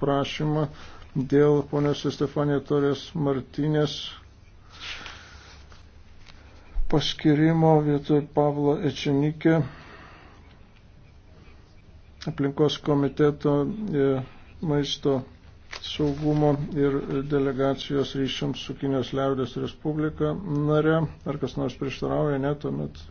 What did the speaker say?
prašymą dėl ponios Estefanija Torės Martinės paskirimo vietoj Pavlo Ečenikė aplinkos komiteto e, maisto saugumo ir delegacijos ryšiams su Kinijos liaudės Respublika nare. Ar kas nors prieštarauja? Ne, tuomet